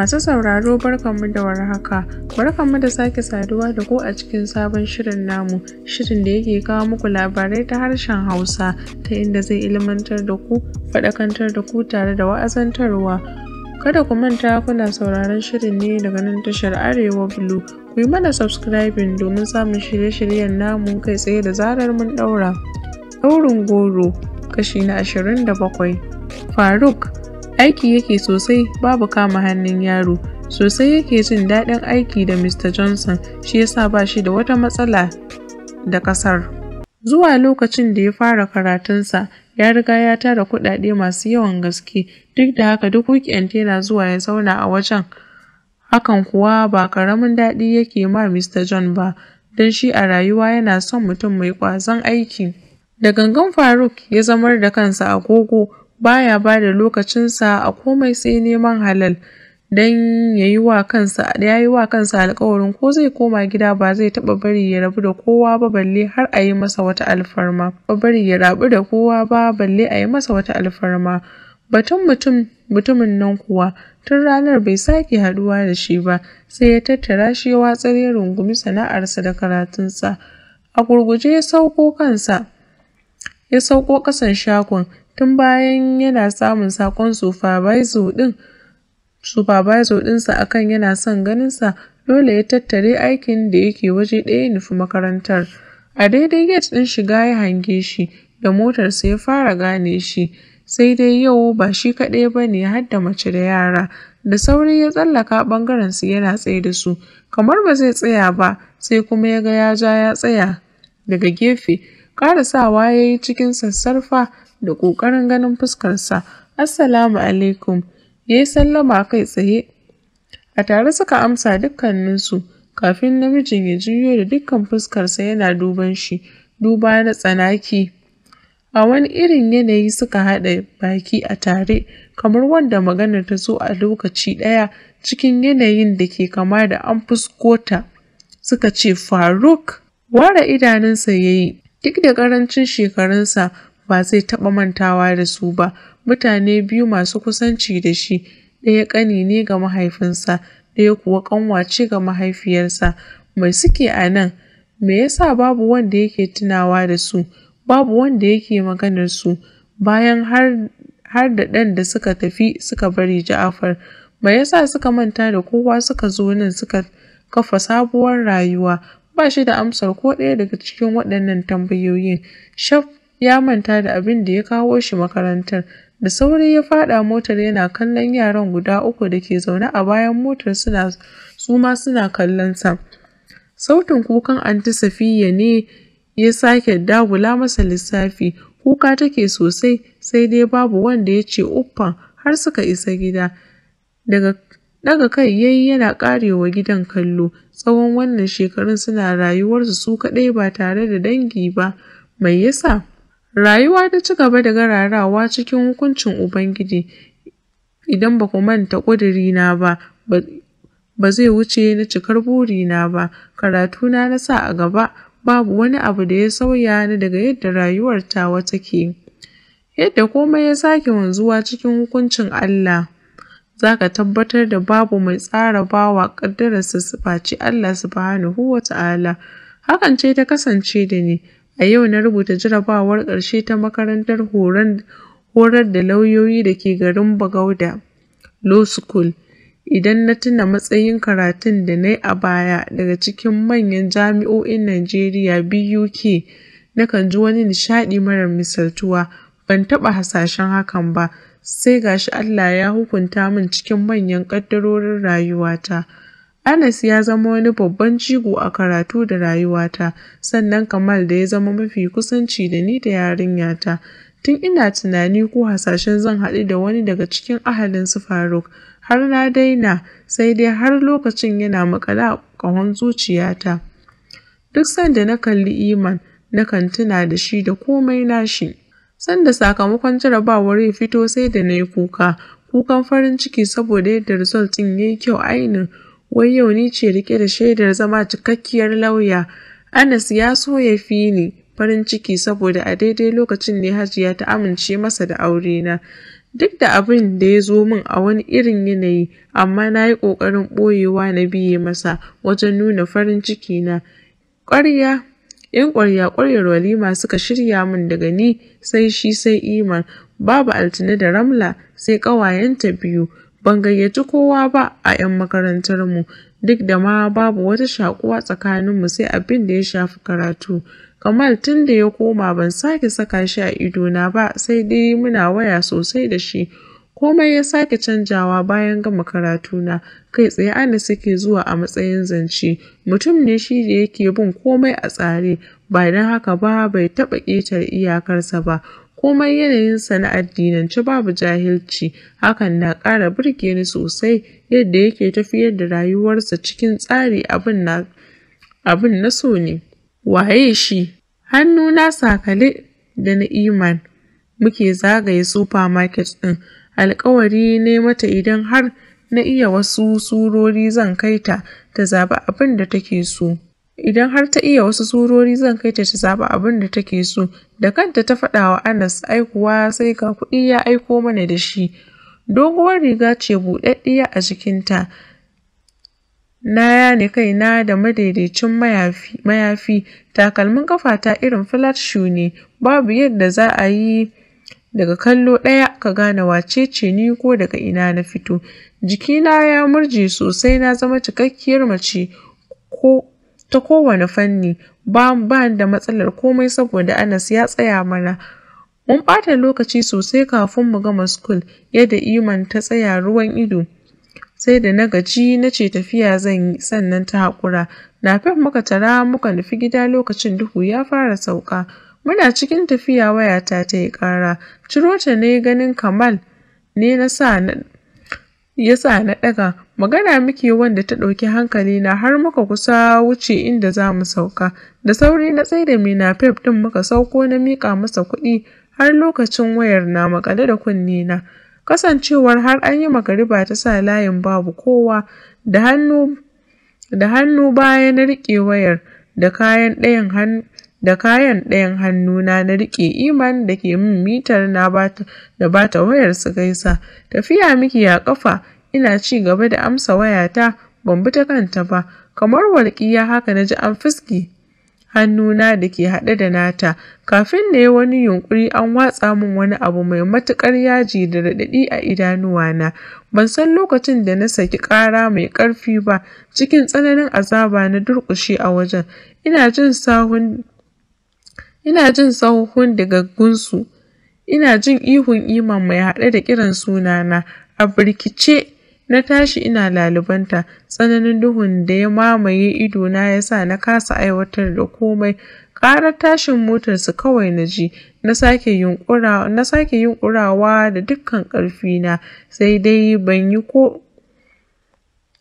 Masu sauraro barkanmu da warhaka, barkanmu da sake saduwa da ku a cikin sabon shirin namu, shirin da yake kawo muku labarai ta harshen Hausa ta inda zai ilmantar da ku, faɗakantar da ku tare da wa'azantarwa. Kada ku manta kuna sauraron shirin ne daga nan tashar Arewa Blue, ku yi mana subscribing domin samun shirye-shiryen namu kai tsaye da zarar mun ɗaura. Ɗaurin goro, kashi na ashirin da bakwai. Faruk aiki yake sosai babu kama hannun yaro sosai yake jin daɗin aiki da mr johnson shi yasa ba shi da wata matsala da ƙasar zuwa lokacin da ya fara karatunsa ya riga ya tara kuɗaɗe masu yawan gaske duk da haka duk weekend yana zuwa ya zauna a wajen hakan kuwa ba karamin daɗi yake ma mr john ba don shi a rayuwa yana son mutum mai ƙwazon aiki da gangan faruk ya zamar da kansa agogo baya ba da lokacinsa a komai sai neman halal don ya yi wa kansa alkawarin ko zai koma gida ba zai taba bari ya rabu da kowa ba balle har a yi masa wata alfarma ba bari ya rabu da kowa ba balle a yi masa wata alfarma batun mutum mutumin nan kuwa tun ranar bai sake haduwa da shi ba sai ya tattara shi ya watsar ya rungumi sana'arsa da karatunsa a gurguje ya sauko kansa ya sauko kasan shagon tun bayan yana samun sakon supervisor din supervisor kan akan yana son ganinsa dole ya tattare aikin da yake waje ɗaya nufi makarantar a daidai gate ɗin shiga ya hange shi da motarsa ya fara gane shi sai dai yau ba shi kaɗai ba ne har da mace da yara da sauri ya tsallaka ɓangaren su yana tsaye da su kamar ba zai tsaya ba sai kuma ya ga ya ja ya tsaya daga gefe Ƙarasawa ya yi cikin sassarfa da ƙoƙarin ganin fuskarsa, Assalamu alaikum, ya yi sallama kai tsaye. A tare suka amsa dukkaninsu, kafin namijin ya juyo da dukkan fuskarsa yana duban shi, duba na tsanaki. A wani irin yanayi suka haɗa baki a tare, kamar wanda maganar ta zo a lokaci ɗaya cikin yanayin da ke kama da an fuskota. Suka ce, Faruk, ware idanunsa ya yi, Duk da ƙarancin shekarunsa ba zai taɓa mantawa da su ba, mutane biyu masu kusanci da shi, ɗaya ƙani ne ga mahaifinsa, ɗaya kuwa ƙanwace ga mahaifiyarsa. Mai suke a nan? Me yasa babu wanda yake tunawa da su? Babu wanda yake maganar su? Bayan har, da ɗan da suka tafi suka bari Ja'afar, me yasa suka manta da kowa suka zo nan suka kafa sabuwar rayuwa Ba shi da amsar ko ɗaya daga cikin waɗannan tambayoyin. Shaf ya manta da abin da ya kawo shi makarantar. Da sauri ya faɗa motar yana kallon yaran guda uku da ke zaune a bayan motar suna su ma suna kallon sa. Sautin kukan Anti Safiya ne ya sake dagula masa lissafi. Kuka take sosai sai dai babu wanda ya ce uffa har suka isa gida. Daga Daga kai ya yi yana karewa gidan kallo tsawon wannan shekarun suna rayuwarsu su kaɗai ba tare da dangi ba, mai yasa? Rayuwa ta ci gaba da gararawa cikin hukuncin Ubangiji, idan ba ku manta ƙudurina ba, ba zai wuce na cikar burina ba, karatuna na sa a gaba, babu wani abu da ya sauya ni daga yadda rayuwar tawa take. Yadda komai ya sake wanzuwa cikin hukuncin Allah. zaka tabbatar da babu mai tsara bawa ƙaddararsa su Allah subhanahu wa ta'ala. Hakan ce ta kasance da ni, a yau na rubuta jarabawar ƙarshe ta makarantar horar da lauyoyi da ke garin Bagauda, Law School. Idan na tuna matsayin karatun da na yi a baya daga cikin manyan jami'o'in Najeriya BUK, nakan ji wani nishaɗi mara misaltuwa, ban taɓa hasashen hakan ba. sai gashi Allah ya hukunta min cikin manyan ƙaddarorin rayuwata. Anas ya zama wani babban jigo a karatu da rayuwata, sannan Kamal da ya zama mafi kusanci da ni da yarinyata. Tun ina tunani ko hasashen zan haɗu da wani daga cikin ahalin su Faruk, har na daina sai dai har lokacin yana makala a ƙahon zuciyata. Duk sanda na kalli Iman, nakan tuna da shi da komai nashi. Sanda sakamakon jarabawar ya fito sai da na yi kuka, kukan farin ciki saboda yadda result ɗin ya yi kyau ainin. Wai yau ni ce rike da shaidar zama cikakkiyar lauya. Anas ya so ya fi ni farin ciki saboda a daidai lokacin ne Hajiya ta amince masa da aure na. Duk da abin da ya zo min a wani irin yanayi, amma na yi ƙoƙarin ɓoyewa na biye masa wajen nuna farin ciki na. Ƙwarya 'yan ƙwarya-ƙwaryar walima suka shirya min daga ni sai shi sai iman babu altine da ramla sai ƙawayenta biyu ban gayyaci kowa ba a 'yan makarantarmu duk da ma babu wata shakuwa tsakaninmu sai abin da ya shafi karatu kamal tun da ya koma ban sake saka shi a idona ba sai dai muna waya sosai da shi Komai ya sake canjawa bayan gama karatuna, kai tsaye ana suke zuwa a matsayin zance, mutum ne shi da yake bin komai a tsare, ba don haka ba bai taɓa ƙetare iyakarsa ba, komai yanayinsa na addinance babu jahilci, hakan na ƙara burge ni sosai yadda yake tafiyar da rayuwarsa cikin tsari abin na abin so ne. Waye shi? Hannu na sakale da na iman muke zagaye supermarket ɗin. alkawari ne mata idan har na iya wasu surori zan kai ta ta zaɓi abin da take so. Idan har ta iya wasu surori zan kai ta ta zaba abin da take so, da kanta ta faɗa wa Anas aikuwa sai ga kuɗi ya aiko mana da shi. Doguwar riga ce buɗaɗɗiya a jikinta. Na yane kaina da madaidaicin mayafi, mayafi takalmin kafata irin flat shoe ne, babu yadda za a yi daga kallo ɗaya ka gane wacece ni ko daga ina na fito jikina ya murje sosai na zama cikakkiyar mace ko ta kowane fanni ba da matsalar komai saboda anas ya tsaya mana mun ɓata lokaci sosai kafin mu gama skul yadda iman ta tsaya ruwan ido sai da na gaji na ce tafiya zan yi sannan ta haƙura na muka tara muka nufi gida lokacin duhu ya fara sauka Muna cikin tafiya wayata ta yi ƙara, cirota ta na ganin Kamal ne na sa ya sa na ɗaga magana muke wanda ta ɗauki hankali na har muka kusa wuce inda za mu sauka da sauri na tsaye da mina pep ɗin muka sauko na miƙa masa kuɗi har lokacin wayar na makale da kunni na kasancewar har an yi magariba ta sa layin babu kowa da hannu da hannu baya na riƙe wayar da kayan ɗayan hannu da kayan ɗayan hannuna na riƙe iman da ke min mitar na da bata wayar su gaisa tafiya miki ya ƙafa ina ci gaba da amsa wayata ban bi ta kanta ba kamar walƙiya haka na ji an fiski hannuna da ke haɗe da nata kafin na yi wani yunƙuri an watsa min wani abu mai matuƙar yaji da raɗaɗi a idanuwana ban san lokacin da na saki ƙara mai ƙarfi ba cikin tsananin azaba na durƙushe a wajen ina jin sahun ina jin sauhun digaggunsu, ina jin ihun iman mai haɗe da kiran sunana, a birkice na tashi ina lalubanta, tsananin duhun da ya mamaye idona ya sa na kasa aiwatar da komai, ƙarar tashin motarsu kawai na ji, na sake yunƙurawa da dukkan ƙarfina, sai dai ban yi ko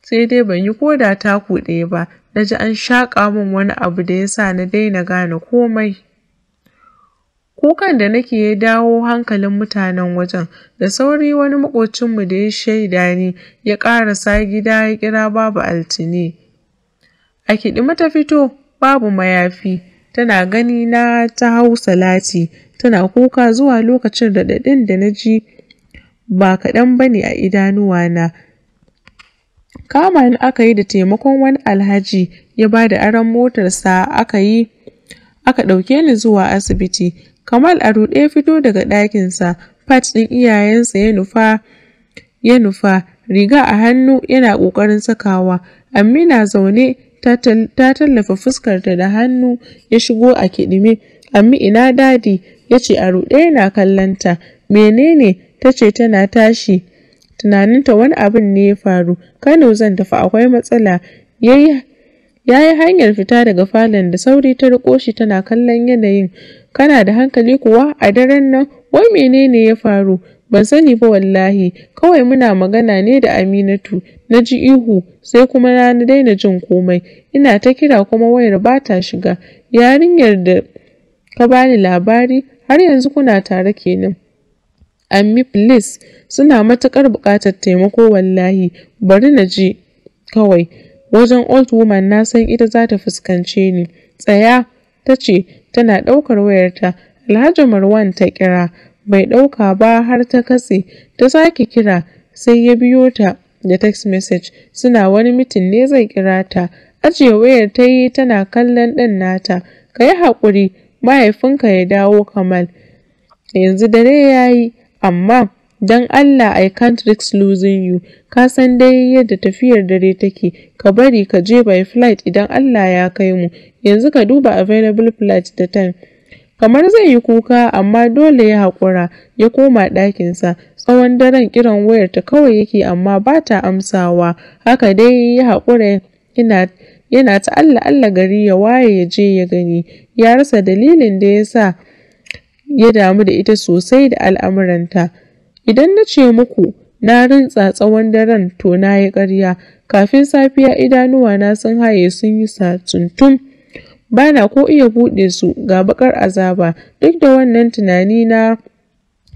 sai dai ban yi koda taku ɗaya ba na ji an shaƙa min wani abu da ya sa na daina gane komai Kukan da nake ya dawo hankalin mutanen wajen, da sauri wani maƙocinmu da ya shaida ni ya ƙara sa gida ya kira Babu Altine. A kiɗi mata fito, babu mayafi, tana gani na ta hau salati, tana kuka zuwa lokacin raɗaɗin da na ji ba kaɗan ba ne a idanuwana. Kama ni aka yi da taimakon wani alhaji ya ba da aron motarsa aka yi aka ɗauke ni zuwa asibiti Kamal a ruɗe fito daga ɗakinsa, pat ɗin iyayensa ya nufa, ya nufa, riga a hannu yana ƙoƙarin sakawa. Amina zaune ta tallafa fuskarta da hannu ya shigo a kiɗime. Ammi ina dadi ya ce a ruɗe yana kallonta. Menene ta ce tana tashi. Tunaninta wani abin ne ya faru. Kano zan tafi akwai matsala. Yayi ya yi hanyar fita daga falon da sauri ta riko shi tana kallon yanayin kana da hankali kuwa a daren nan wai menene ya faru ban sani ba wallahi kawai muna magana ne da aminatu na ji ihu sai kuma na daina jin komai ina ta kira kuma wayar ba ta shiga yarinyar da ka bani labari har yanzu kuna tare kenan ammi please suna matukar bukatar taimako wallahi bari na ji kawai wajen old woman na san ita za ta fuskance ni tsaya ta ce tana ɗaukar wayarta Alhaji Marwan ta kira bai ɗauka ba har ta katse ta sake kira sai ya biyo ta da text message suna wani mitin ne zai kira ta ajiye wayar ta yi tana kallon ɗan nata ka yi haƙuri mahaifinka ya dawo kamal yanzu dare ya yi amma don Allah I can't risk losing you, ka san dai yadda tafiyar dare take, ka bari ka je by flight idan Allah ya kai mu, yanzu ka duba available flight da time. Kamar zai yi kuka amma dole ya haƙura ya koma ɗakinsa, tsawon daren kiran wayarta kawai yake amma ba ta amsawa, haka dai ya haƙura yana yana ta Allah Allah gari ya waye ya je ya gani ya rasa dalilin da ya sa ya damu da ita sosai da al'amuranta. Idan na ce muku na rintsa tsawon daren to na yi ƙarya, kafin safiya idanuwa na sun haye sun yi sa tuntun. Ba na ko iya buɗe su ga baƙar azaba duk da wannan tunani na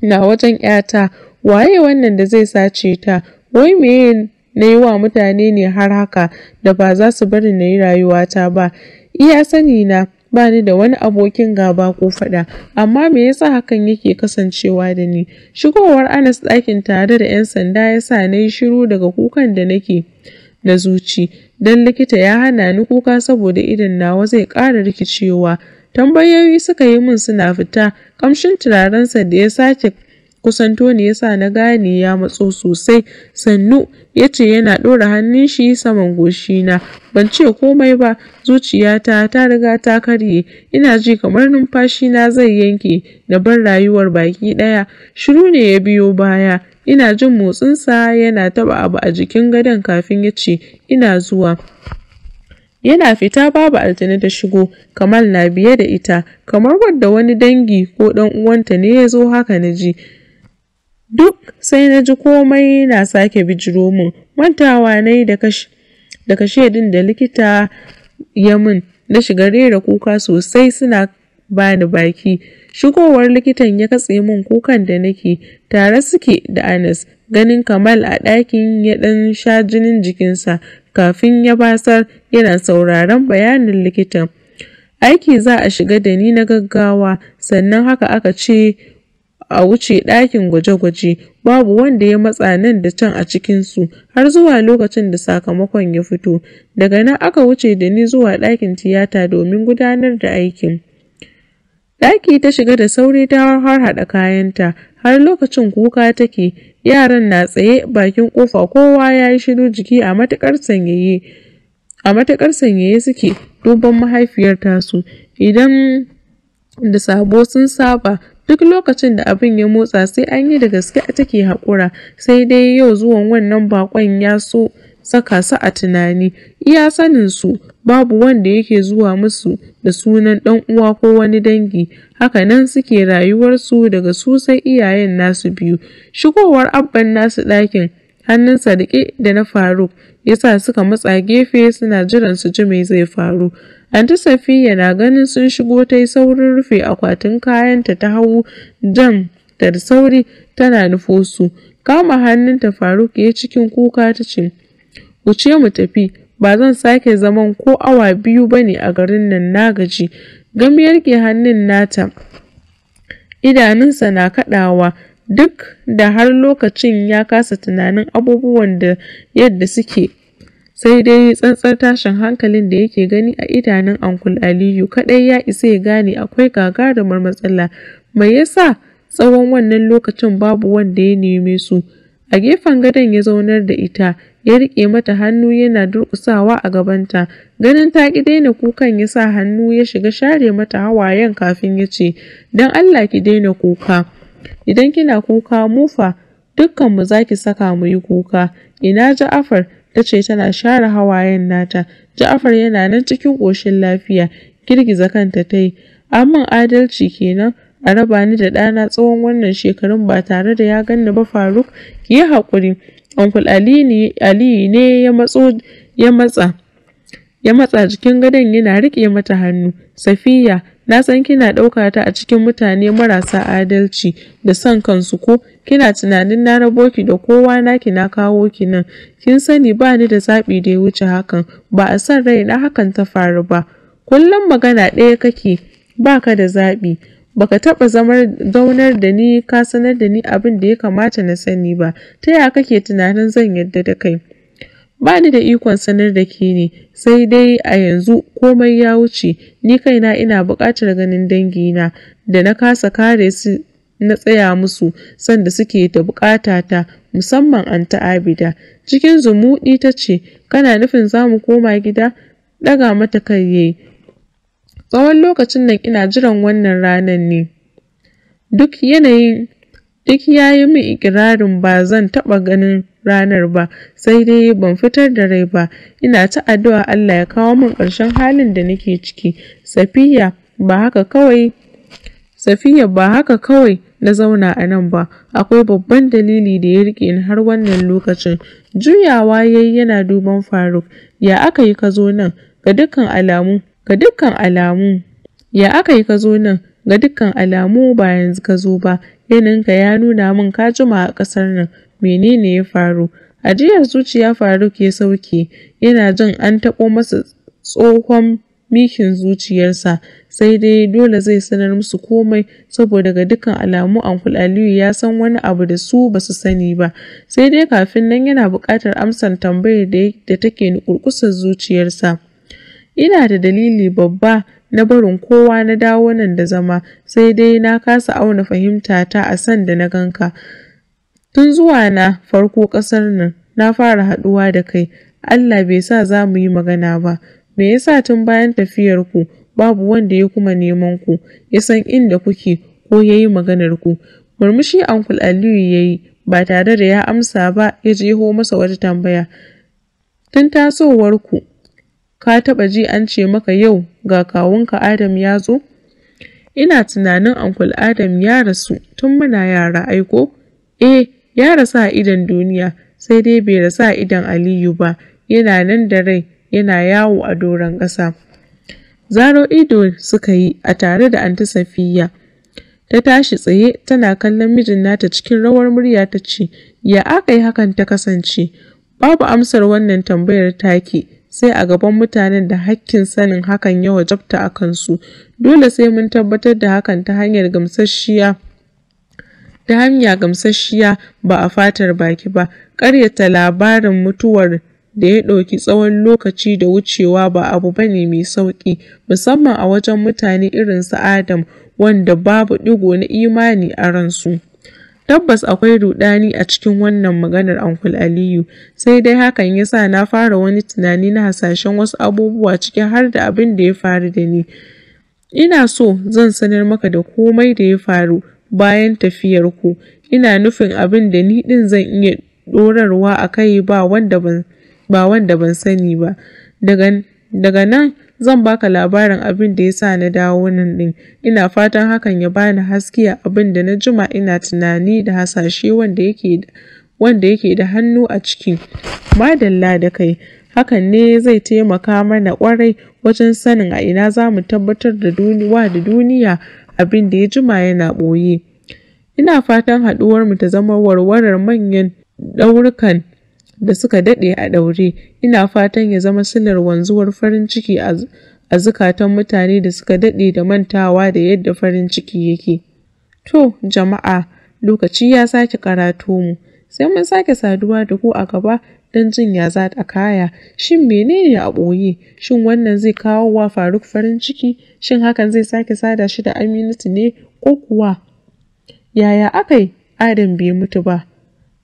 na wajen ‘yata waye wannan da zai sace ta wai meye na yi wa mutane ne har haka da ba za su bari na yi rayuwata ba iya sani na ba ni da wani abokin gaba ko faɗa amma me yasa hakan yake kasancewa da ni shigowar anas ɗakin tare da 'yan sanda ya sa na yi shiru daga kukan da nake na zuci don likita ya hana ni kuka saboda idan nawa zai ƙara rikicewa tambayoyi suka yi min suna fita kamshin turarensa da ya sake kusanto ne yasa na gane ya matso sosai sannu ya ce yana ɗora hannun shi saman goshina ban ce komai ba zuciyata ta riga ta karye ina ji kamar numfashina zai yanke da bar rayuwar baki ɗaya shiru ne ya biyo baya ina jin motsinsa yana taba abu a jikin gadon kafin ya ce ina zuwa yana fita babu altine ta shigo kamal na biye da ita kamar wadda wani dangi ko ɗan uwanta ne ya zo haka na ji duk sai na ji komai na sake bijiro min mantawa na yi da kashe din da likita ya mun na shiga rera kuka sosai suna bani baki shigowar likitan ya katse min kukan da nake tare suke da anas ganin kamal a ɗakin ya ɗan sha jinin jikinsa kafin ya basar yana sauraron bayanin likitan aiki za a shiga da ni na gaggawa sannan haka aka ce a wuce ɗakin gwaje-gwaje babu wanda ya matsa nan da can a cikinsu har zuwa lokacin da sakamakon ya fito daga nan aka wuce da ni zuwa ɗakin tiyata domin gudanar da aikin ɗaki ta shiga da sauri ta har haɗa kayanta har lokacin kuka take yaran na tsaye bakin kofa kowa ya yi shiru jiki a matuƙar sanyaye sanyaye suke duban mahaifiyar tasu idan da sabo sun saba duk lokacin da abin ya motsa sai an yi da gaske a take haƙura sai dai yau zuwan wannan bakon ya so saka su a tunani iya sanin su babu wanda yake zuwa musu da sunan ɗan uwa ko wani dangi hakanan suke rayuwarsu daga su sai iyayen nasu biyu shigowar abban nasu ɗakin Hannun sadiki da na faruk yasa suka matsa gefe suna jiran su ji me zai faru anti safiya na ganin sun shigo ta yi saurin rufe akwatin kayanta ta hau jan da sauri tana nufo su kama hannunta faruk ya cikin kuka ta ce wuce mu tafi ba zan sake zaman ko awa biyu ba ne a garin nan na gaji gamiyar ke hannun nata idanunsa na kaɗawa duk da har lokacin ya kasa tunanin abubuwan da yadda suke sai dai tsantsar tashin hankalin da yake gani a idanun ankul aliyu kaɗai ya isa ya gane akwai gagarumar matsala mai yasa tsawon wannan lokacin babu wanda ya neme su a gefen gadon ya zaunar da ita ya riƙe mata hannu yana durƙusawa a gabanta ganin ta ƙi daina kukan ya sa hannu ya shiga share mata hawayen kafin ya ce don allah ki daina kuka idan kina kuka Mufa, dukkan mu zaki saka mu yi kuka ina ja'afar tace tana share hawayen nata ja'afar yana nan cikin ƙoshin lafiya girgiza kanta ta yi adalci kenan a raba ni da ɗana tsawon wannan shekarun ba tare da ya ganni ba faruk ki yi haƙuri uncle aliyu ne ya matso ya matsa ya matsa jikin gadon yana riƙe mata hannu safiya na san kina ɗauka ta a cikin mutane marasa adalci da son kansu ko kina tunanin na rabo ki da kowa na ki na kawo ki nan kin sani ba ni da zaɓi da ya wuce hakan ba a san rai na hakan ta faru ba kullum magana ɗaya kake ba ka da zaɓi baka taɓa zaunar da ni ka sanar da ni abin da ya kamata na sani ba ta ya kake tunanin zan yadda da kai bani da ikon sanar da ke ne sai dai a yanzu komai ya wuce ni kaina ina buƙatar ganin dangina da na kasa kare su na tsaya musu sanda suke da buƙata ta musamman an ta abida cikin zumuɗi ta ce kana nufin za mu koma gida ɗaga mata kaiye tsawon lokacin nan ina jiran wannan ranar ne duk yanayin duk ya yi min ikirarin ba zan taɓa ganin ranar ba sai dai ban fitar da rai ba ina ta addu'a Allah ya kawo min ƙarshen halin da nake ciki safiya ba haka kawai safiya ba haka kawai na zauna a nan ba akwai babban dalili da ya rike ni har wannan lokacin juyawa yayi yana duban faruk ya aka yi ka zo nan ga dukkan alamu ga dukkan alamu ya aka yi ka zo nan ga dukkan alamu ba yanzu ka zo ba yananka ya nuna min ka jima a ƙasar nan menene ya faru ajiyar zuciya faruk ya sauke yana jin an taɓo masa tsohon mikin zuciyarsa sai dai dole zai sanar musu komai saboda ga dukkan alamu ankul aliyu ya san wani abu da su basu sani ba sai dai kafin nan yana buƙatar amsan tambayar da take nukurkusar zuciyarsa ina da dalili babba na barin kowa na dawo nan da zama sai dai na kasa auna fahimta ta a san da na ganka Tun zuwa na farko ƙasar nan na fara haɗuwa da kai, Allah bai sa za mu yi magana ba, me yasa tun bayan tafiyar ku babu wanda ya kuma neman ku, ya san inda kuke ko ya yi maganar ku. Murmushi Uncle Aliyu ya yi ba tare da ya amsa ba ya jeho masa wata tambaya. Tun tasowar ku ka taɓa ji an ce maka yau ga kawunka Adam ya zo? Ina tunanin Uncle Adam ya rasu tun muna yara aiko? Eh, ya rasa a idon duniya sai dai bai rasa a idon aliyu ba yana nan da rai yana yawo a doron ƙasa zaro ido suka yi a tare da anti safiya ta tashi tsaye tana kallon mijin nata cikin rawar murya ta ce ya aka yi hakan ta kasance babu amsar wannan tambayar taki sai a gaban mutanen da hakkin sanin hakan ya wajabta a kansu dole sai mun tabbatar da hakan ta hanyar gamsasshiya ta hanya gamsasshiya ba a fatar baki ba ƙaryata labarin mutuwar da ya ɗauki tsawon lokaci da wucewa ba abu ba ne mai sauƙi musamman a wajen mutane irin su adam wanda babu ɗigo na imani a ransu tabbas akwai rudani a cikin wannan maganar ankul aliyu sai dai hakan ya sa na fara wani tunani na hasashen wasu abubuwa cikin har da abin da ya faru da ni ina so zan sanar maka da komai da ya faru bayan tafiyar ku ina nufin abin da ni ɗin zan iya ɗorarwa a kai ba wanda ban sani ba. Daga nan zan baka labarin abin da ya sa na dawo nan ɗin, ina fatan hakan ya bani haske a abin da na jima ina tunani da hasashe wanda yake wanda da hannu a ciki. Madalla da kai, hakan ne zai taimaka mana kwarai wajen sanin a ina za mu tabbatar da wa da duniya abin da ya jima yana ɓoye. Ina fatan haɗuwarmu ta zama warwarar manyan ɗaurukan da suka daɗe a ɗaure. Ina fatan ya zama silar wanzuwar farin ciki a zukatan mutane da suka daɗe da mantawa da yadda farin ciki yake. To, jama'a, lokaci ya sake karatu mu. Sai mun sake saduwa da ku a gaba don jin ya za a kaya shin menene a ɓoye shin wannan zai kawo wa faruk farin ciki shin hakan zai sake sada shi da aminatu ne ko kuwa yaya aka yi adam bai mutu ba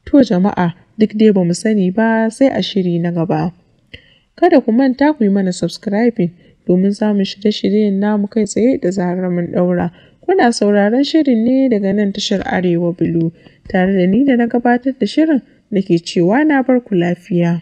to jama'a duk dai ba mu sani ba sai a shiri na gaba kada ku manta ku yi mana subscribing domin samun shirye-shiryen namu kai tsaye da zarar mun ɗaura kuna sauraron shirin ne daga nan tashar arewa bulu tare da ni da na gabatar da shirin da cewa na bar lafiya.